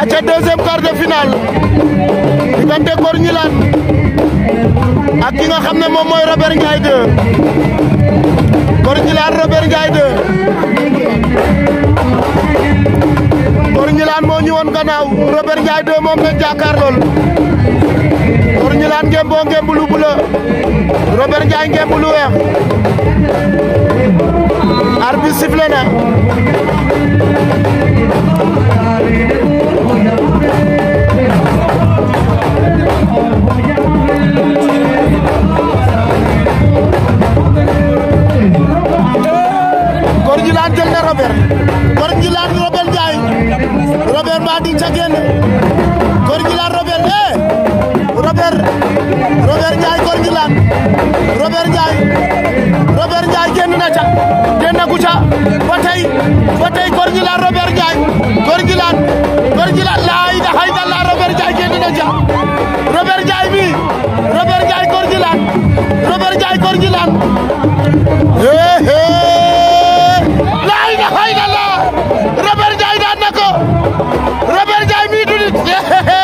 aca deuxième quart de finale diggante Ngor Gnilane ak ki nga xam ne moom mooy Robert Ndiaye 2 Ngor Gnilane Robert Ndiaye 2 Ngor Gnilane moo ñu woon gannaaw Robert Ndiaye 2 moom lañ jàkkaar lool Ngor Gnilane ngem boo ngem bulu bula Robert Ndiaye ngem bulu weex arbitre Djilan jël na Robert Kor Djilan Robert Ndiaye Robert ba di ca génn Kor Djilan Robert eh Robert Robert Ndiaye Kor Djilan Robert Ndiaye Robert Ndiaye génn na ca génn na ku ca ba tey ba tey Kor Djilan Robert Ndiaye Kor Djilan Kor Djilan laa ilaha illallah Robert Ndiaye génn na ca Robert Ndiaye bi Robert Ndiaye Kor Djilan Robert Ndiaye Kor Djilan Yeah.